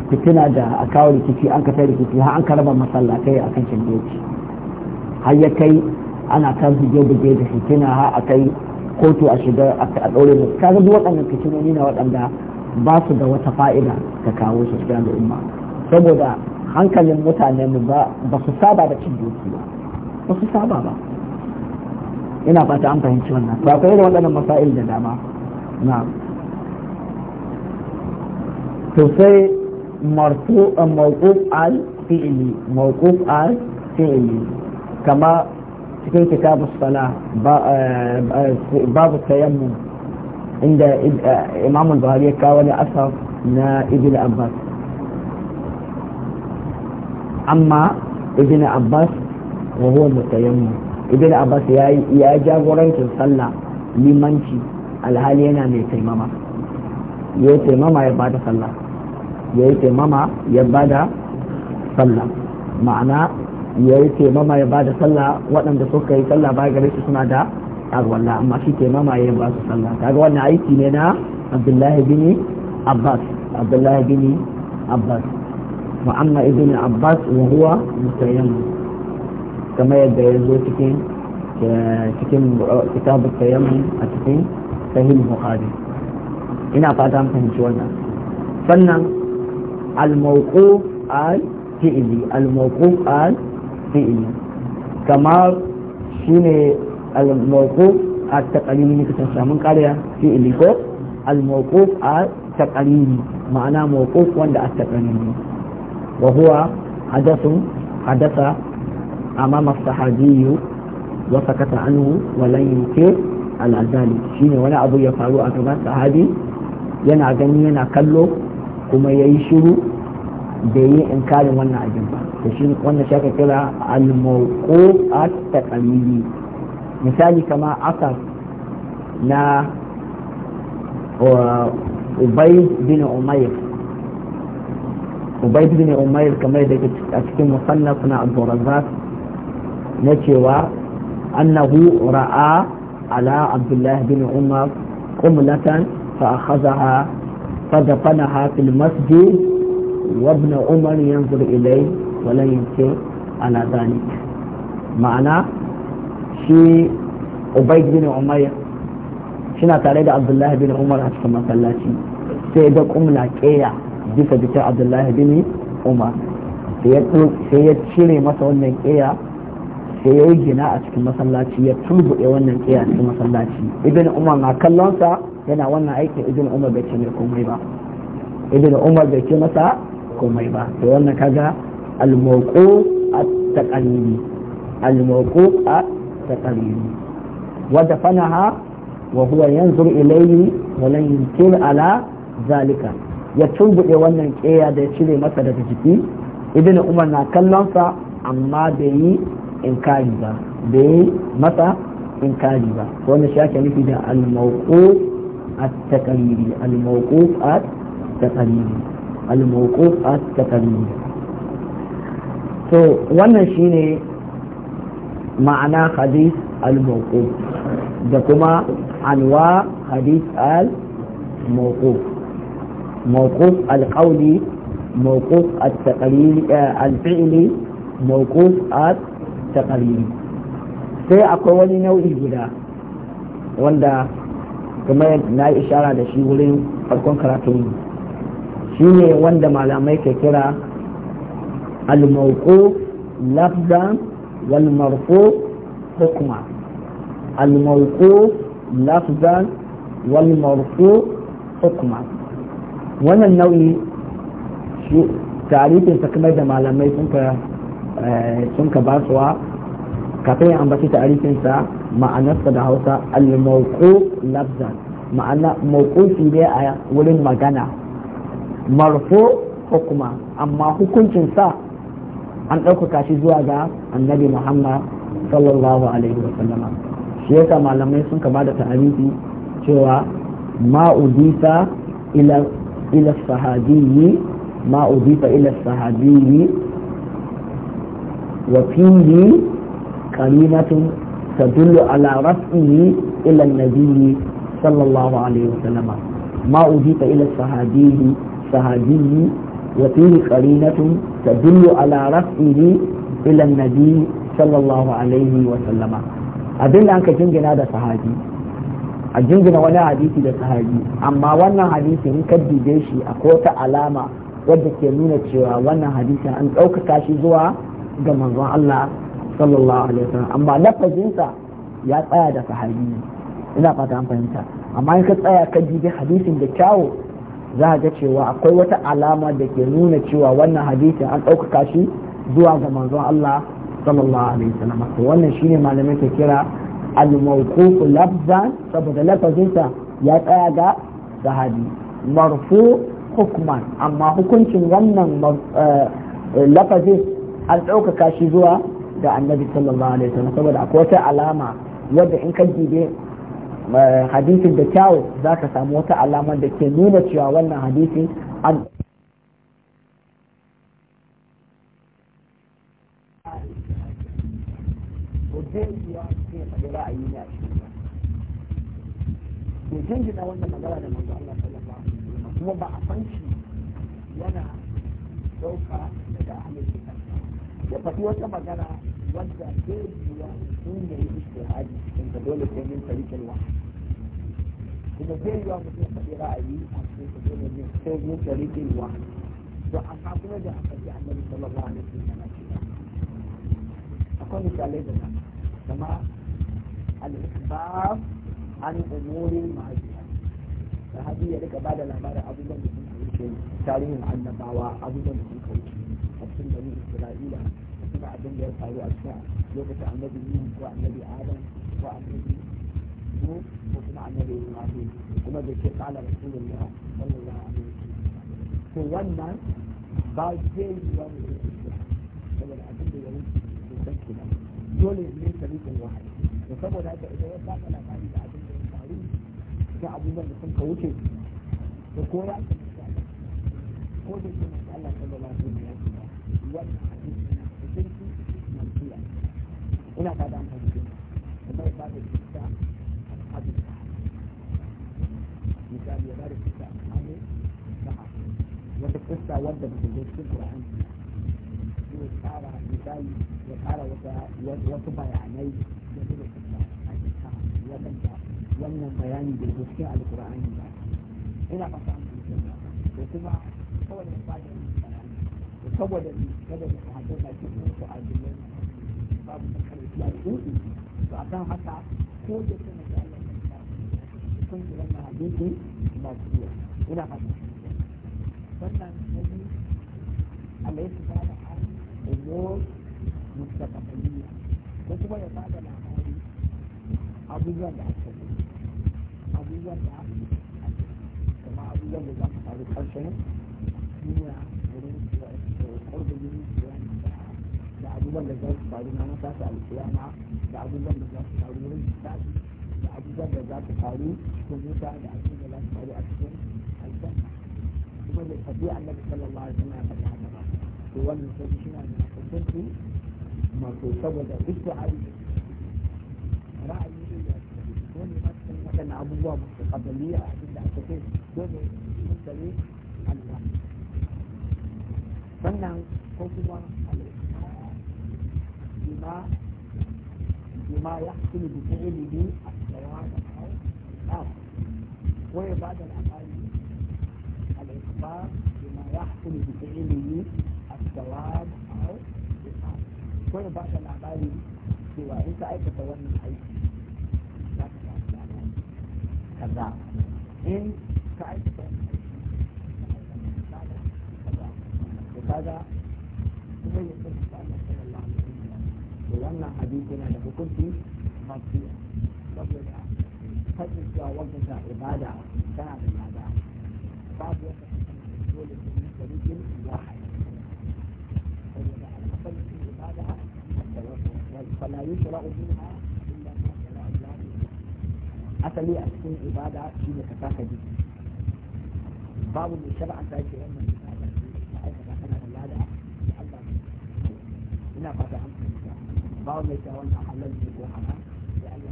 fitina da a kawo rikici an ka rikici har an ka raba masallatai akan cin doki har ya kai ana kan buge-buge da fitina ha a kai kotu a shiga a ɗaure mu kaga duk waɗannan fitinoni na waɗanda ba su da wata fa'ida ta kawo su cikin al'umma saboda hankalin mutane mu ba su saba da cin doki ba ba su saba ba ina fata an fahimci wannan to akwai da waɗannan masail da dama na to sai eh, mawquf al fi'li mawquf al fi'li kama cikin kitabu sana eh, eh, babu tayammu inda eh, imam buhari ya kawo wani asar na ibn abbas amma ibn abbas wa huwa mutayammu ibn abbas ya jagorancin sallah limanci alhali yana mai taimama ya yi taimama ya bada sallah ya yi taimama ya bada sallah ma'ana ya yi taimama ya bada sallah waɗanda suka yi sallah ba gare su suna da arwalla amma shi taimama ya ba su sallah kaga wannan aiki ne na abdullahi bin abbas abdullahi bin abbas wa amma ibn abbas wa huwa mutayammim kama yadda ya zo cikin eh, cikin eh, kitabut tayammum a cikin sahih bukhari ina fata an fahimci wannan sannan al-mawquf al-fi'li al-mawquf al-fi'li fi'ili kamar shine al-mawquf a taqalili ne samun kariya fi'ili ko al-mawquf a taqalili ma'ana mawquf wanda a taqalili wa huwa hadathun hadatha amama sahabiyyu wa sakata anhu wa shine wani abu ya faru a gaban sahabi yana gani yana kallo kuma yayi shiru bai yi inkarin wannan ajin ba to shi wannan shi aka kira al a at misali kama asar na uh, ubai bin umair ubai bin umayr kamar da a cikin musannaf na abdurrazzaq na cewa annahu ra'a ala abdullahi bin umar qumlatan fa akhadhaha فدفنها في wabna umar عمر ينظر إليه walayin ce ana zalik ma'ana shi ubaid bin umayya shina tare da abdullahi bin umar a cikin masallaci sai da kumla keya bisa jikin abdullahi bin umar sai ya cire masa wannan keya sai ya yi gina a cikin masallaci ya tulbuɗe wannan keya a cikin masallaci ibn umar na kallonsa yana wannan aikin ibn umar bai ce mai komai ba ibn umar bai ce masa komai ba to wannan kaga الموقوف التقليدي الموقوف التقليدي ودفنها وهو ينظر إليه ولن ينكر على ذلك ya tumbuɗe wannan ƙeya da ya cire masa daga jiki ibn umar na kallonsa amma bai yi inkari ba bai yi masa inkari ba wanda shi ake nufi da al to wannan shine ma'ana hadith al-mawquf da kuma anwa hadith al-mawquf mawquf al-qawli mawquf al-taqriri eh, al-fi'li mawquf al-taqriri sai akwai wani nau'i guda wanda kuma na yi ishara da shi wurin farkon karatu shi ne wanda malamai ke kira الموقوف لفظا والمرفوع حكما الموقوف لفظا والمرفوع حكما wannan nau'i tarihin sa kamar da malamai sun ka basuwa kafin ya ambaci tarihin ma'anarsa da hausa al-mawquf lafzan ma'ana mawqufi ne a wurin magana marfu hukuma amma hukuncin sa an ɗaukaka shi zuwa ga annabi muhammad sallallahu alaihi wa sallama shi yasa malamai sun kama da ta'arifi cewa ma udisa ila ila sahabiyyi ma udisa ila sahabiyyi wa fihi qarinatun tadullu ala raf'ihi ila an-nabiyyi sallallahu alaihi wa sallama ma udisa ila sahabiyyi sahabiyyi wa fihi qarinatun تدل على رفعه إلى النبي صلى الله عليه وسلم أبين أنك جنجنا هذا صحابي a jingina wani hadisi da sahabi amma wannan hadisi in ka dube shi akwai wata alama wadda ke nuna cewa wannan hadisi, an ɗaukaka shi zuwa ga manzon Allah sallallahu alaihi wasallam amma lafazinsa ya tsaya da sahabi ina fata an fahimta amma in ka tsaya ka dubi hadisin da kyawu za a ga cewa akwai wata alama da ke nuna cewa wannan hadisin an ɗaukaka shi zuwa ga manzon Allah sallallahu alaihi wasallam to wannan shine malamai ke kira al-mawquf lafzan saboda lafazinsa ya tsaya ga sahabi marfu hukman amma hukuncin wannan eh, lafazin an ɗaukaka shi zuwa ga annabi sallallahu alaihi wasallam saboda akwai wata alama wadda in ka dibe Eh, hadisin da kyawu za ka samu wata alama da ke nuna cewa wannan hadisi an jingina wannan magana da manzo Allah sallallahu alaihi kuma ba a san shi yana dauka daga ahlul kitab ya faɗi wata magana wanda zai biya sun ya yi istihadi in ka dole sai min tarikin wa kuma zai yiwa mutum faɗi ra'ayi a cikin ka dole min sai min tarikin wa to a kuma da aka ji annabi sallallahu alaihi wasallam akwai misalai da dama kama al-ikhbar an umurin ma'ajiya sahabi ya rika bada labarin abubuwan da sun kauce tarihin annabawa abubuwan da sun kauce a cikin bani isra'ila بعدين يقالوا أشياء يقف عن نبي نوح وعن نبي آدم وعن نبي نوح وقف عن نبي إبراهيم وما بيش قال رسول الله صلى الله عليه وسلم فوانا بعدين يوم الإسلام فالعبد يوم يسكنا جولي من سبيت الوحيد وصبوا لها تأذية بعد أن أفعلي بعد أن أفعلي كعب من الإسلام كوشي وكورا كوشي كما قال الله صلى الله عليه وسلم وانا حديث ina fata an fahimci da mai ba da fita a abin da misali ya ba da fita a kame sa'a wata kusa wadda ba ta zo cikin ƙura'an zai tsara misali ya tsara wasu bayanai da zai kusa a cikin wadanda wannan bayani da zo cikin alƙura'ani ba ina fata an fahimci da kuma kawai ya ba da bayani saboda kada su haɗu da cikin su a babu makaranta da dutse to a kan haka ko da suna da Allah ya sa kun ji wannan hadisi na ina wannan da an ko kuma ya ba da labari abubuwan da aka yi abubuwan da aka yi kuma abubuwan da za su faru karshen duniya wurin da abubuwan da za su faru na tashi alkiyama da abubuwan da za su faru wurin tashi da abubuwan da za su faru ko musa da abubuwan da za su faru a cikin aljanna kuma da tafi annabi sallallahu alaihi wasallam ya faɗi haka ba to wannan sai shi na da hukunci mato saboda ita arziki ra'ayi ne da ko ne ma cikin waɗannan abubuwa masu kabaliya a cikin da aka ce dole mutane Allah sannan ko kuma al'umma ba bima ya kini bi fi ilimi a tsawa da kawo ba kawai ba da labari alaikuma bima ya kini bi fi da kawo ba kawai ba da labari cewa in ka aikata aiki za ka ba kaza in ka aikata wannan aiki za ka ba da labari kaza kuma ya ولما حديثنا له كنت مطفية قبل الآن فتنسى وقتها عبادة كان عبادة بعض وقت يقول قبل طريق واحد فلا يشرع منها الا ما شرع الله حتى لي اكون عباده في متفاهه دي بعض من الشرع انت عايز تعمل عباده عايز تعمل عباده ina fata an ba mai ta wannan halal ne ko haram Allah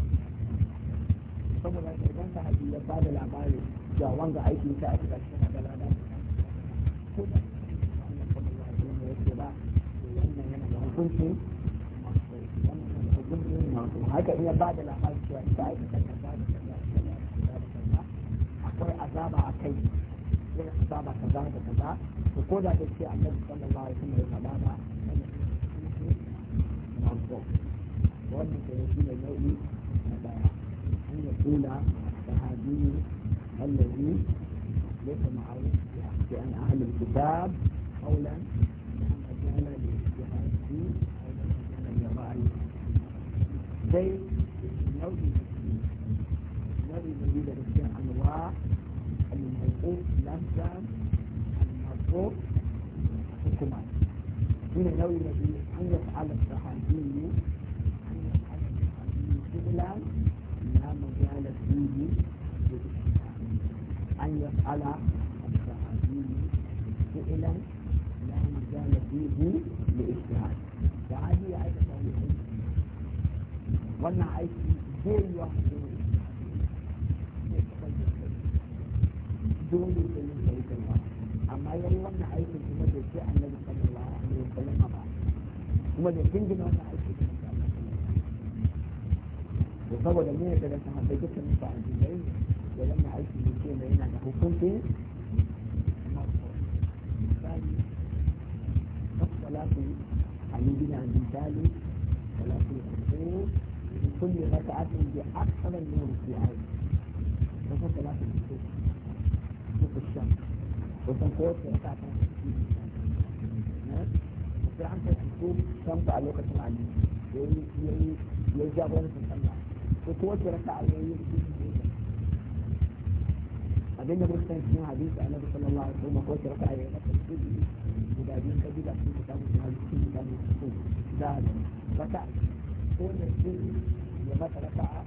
saboda idan ka ya bada labari ga wanga aikin ta a cikin shi na galada ko da wannan ba wannan yana da hukunci haka in ya ba da labari cewa ita aikata ta kaza da kaza akwai azaba a kai azaba kaza da kaza to ko da ta ce annabi sallallahu alaihi wasallam ya faɗa ba وأن سيكون له مباح أن يقول صحابي الذي ليس معروف بأن أهل الكتاب قولا كان للاجتهاد فيه أو كان للرأي زي نوع نوع جديدة عن الله الموقوف لمسا المرفوع حكمان هنا نوع جديد uma coisa ela caiu, ela foi tudo isso. Lugarinho, cabida suja, estava no final de tudo, estava no fundo, cidade, na casa. Todas as coisas, minha mãe na casa.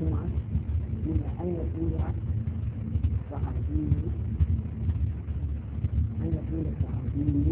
الجمعة من أن يكون صحابي أن يكون صحابي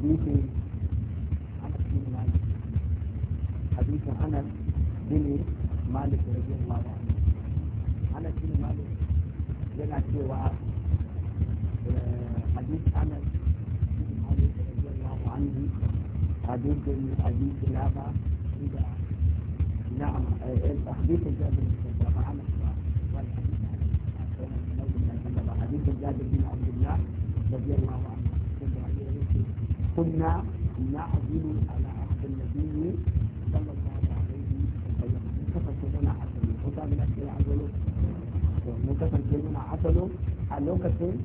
حديث أنس بن مالك حديث أنس بن مالك رضي الله عنه أنس بن مالك يلا سوى حديث أنس بن مالك رضي الله عنه حديث أبي كلابة إذا نعم الحديث الجابر بن عمر Угу.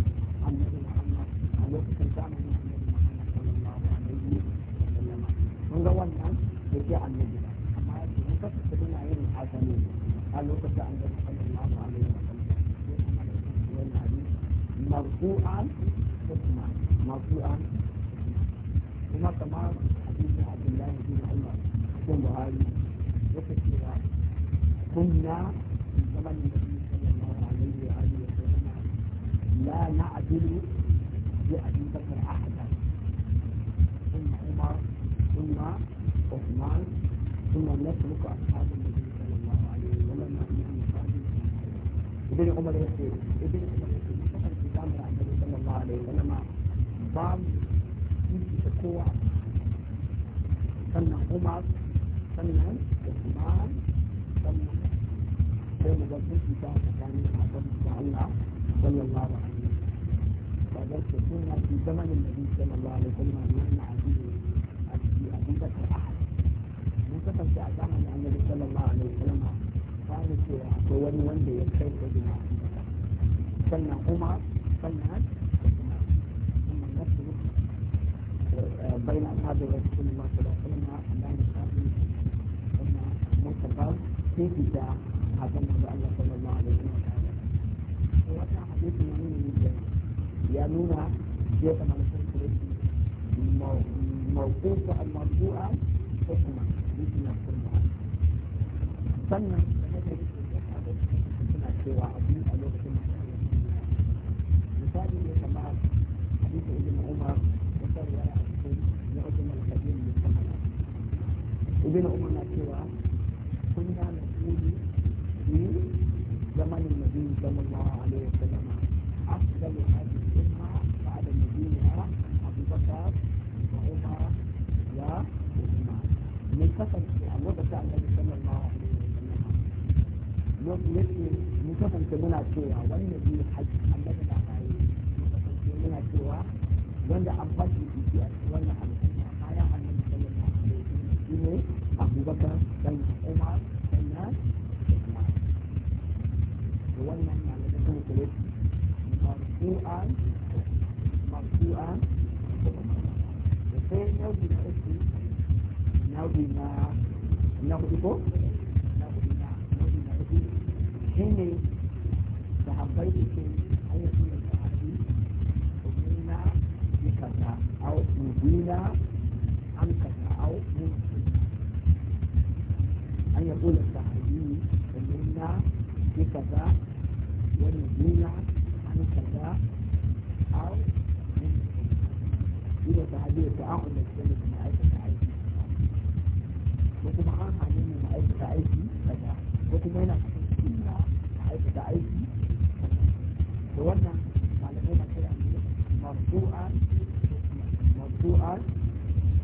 كيف جاء حكمت بأن صلى الله عليه وسلم هو حديث يمين من جهة يمين جهة من الشرك الرسمي موقوف المرجوع حكمة مثل القرآن ثم ابن عمر ناكيوا زمن النبي صلى الله عليه وسلم أفضل هذه الأمة بعد النبي أبو بكر وعمر وعثمان من كثر أبو بكر النبي صلى الله عليه وسلم من كثر كمنا سوى والنبي الحج الذي لا تعيش من كثر كمنا سوى wanda an bashi da ke a cikin wannan al'umma أبو بكر sallallahu wannan na da kasan kuleti marfu'an marfu'an da sai nau'i na uku nau'i na na hudu ko nau'i na nau'i na hudu shine sahabbai da ke ayyukan da sahabbi umina bi kaza au mubina an kaza au mubina an kaza wani duniya an kaza au ido ta hajji ta aku da ke da kuma aikata aiki ko kuma an hanyar mai ma'aikata aiki kaza ko kuma yana kasa cikin na ma'aikata aiki da wannan malamai na kai amince mabdu'an mabdu'an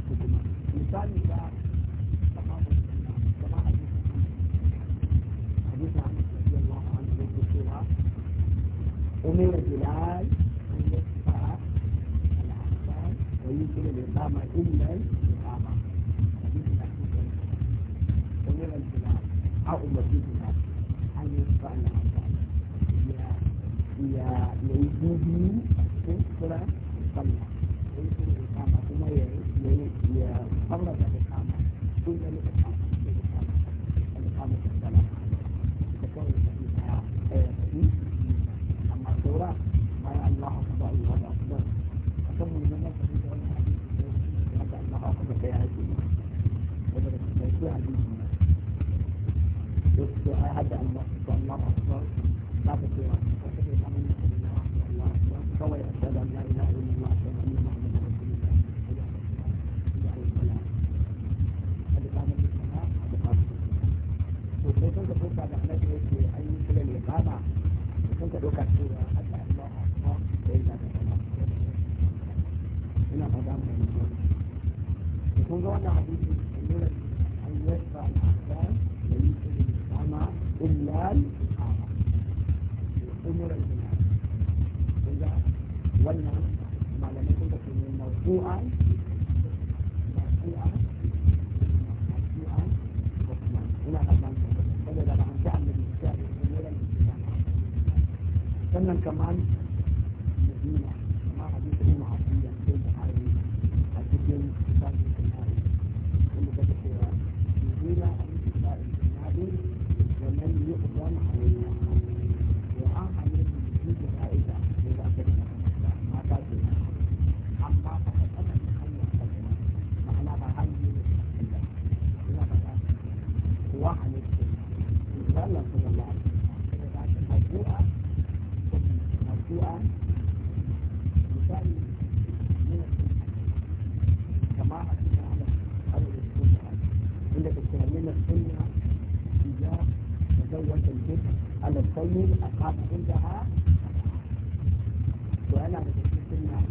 hukuma misali ba أمر بلال أن يدفع الأحسان ويمكن الإقامة إلا الإقامة أمر بلال أو أمر بلال أن يدفع الأحسان إلى إلى يجيبني في الصلاة سروة البر على الطيب أقام عندها وأنا بتكلم سنة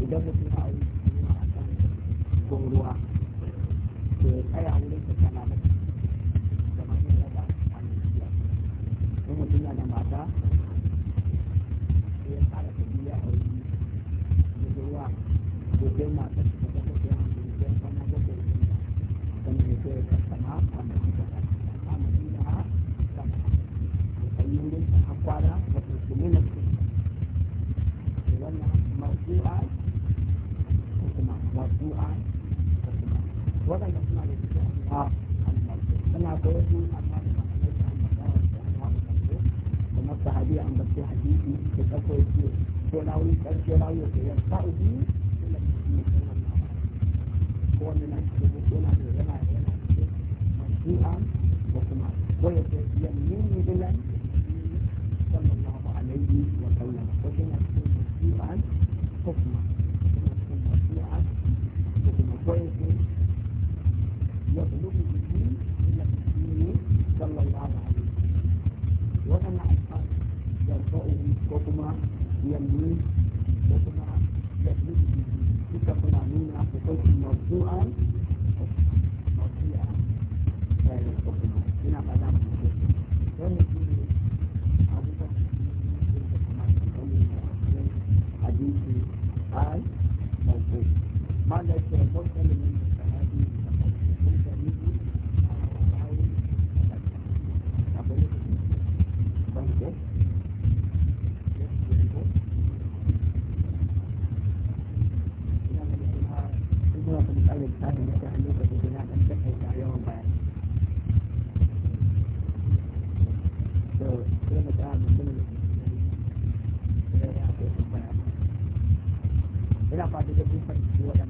بدرجة الأول ruwa to ya tsaya wurin da tana da da mafi raba a Nigeria. Don mutum na da mata ya fara tafiya a wuri da ruwa ko kai mata da ta tafiya a wuri da ta tafiya a wuri da ta a wuri وعلى المسلمين الكريم لأنها موضوعة موضوعة ولا يسمع لله أنا أقول أن sahabi an bace hadisi da kafa yake ko na wuri karshe rayu da ya sa'u bi ko wani na cikin yana da yana yana da masu'a ko kuma ko ya ce yamin bilan الحكمة والنصيحة وبالكويس يطلب به من النبي صلى الله عليه وسلم 这个部分主要讲。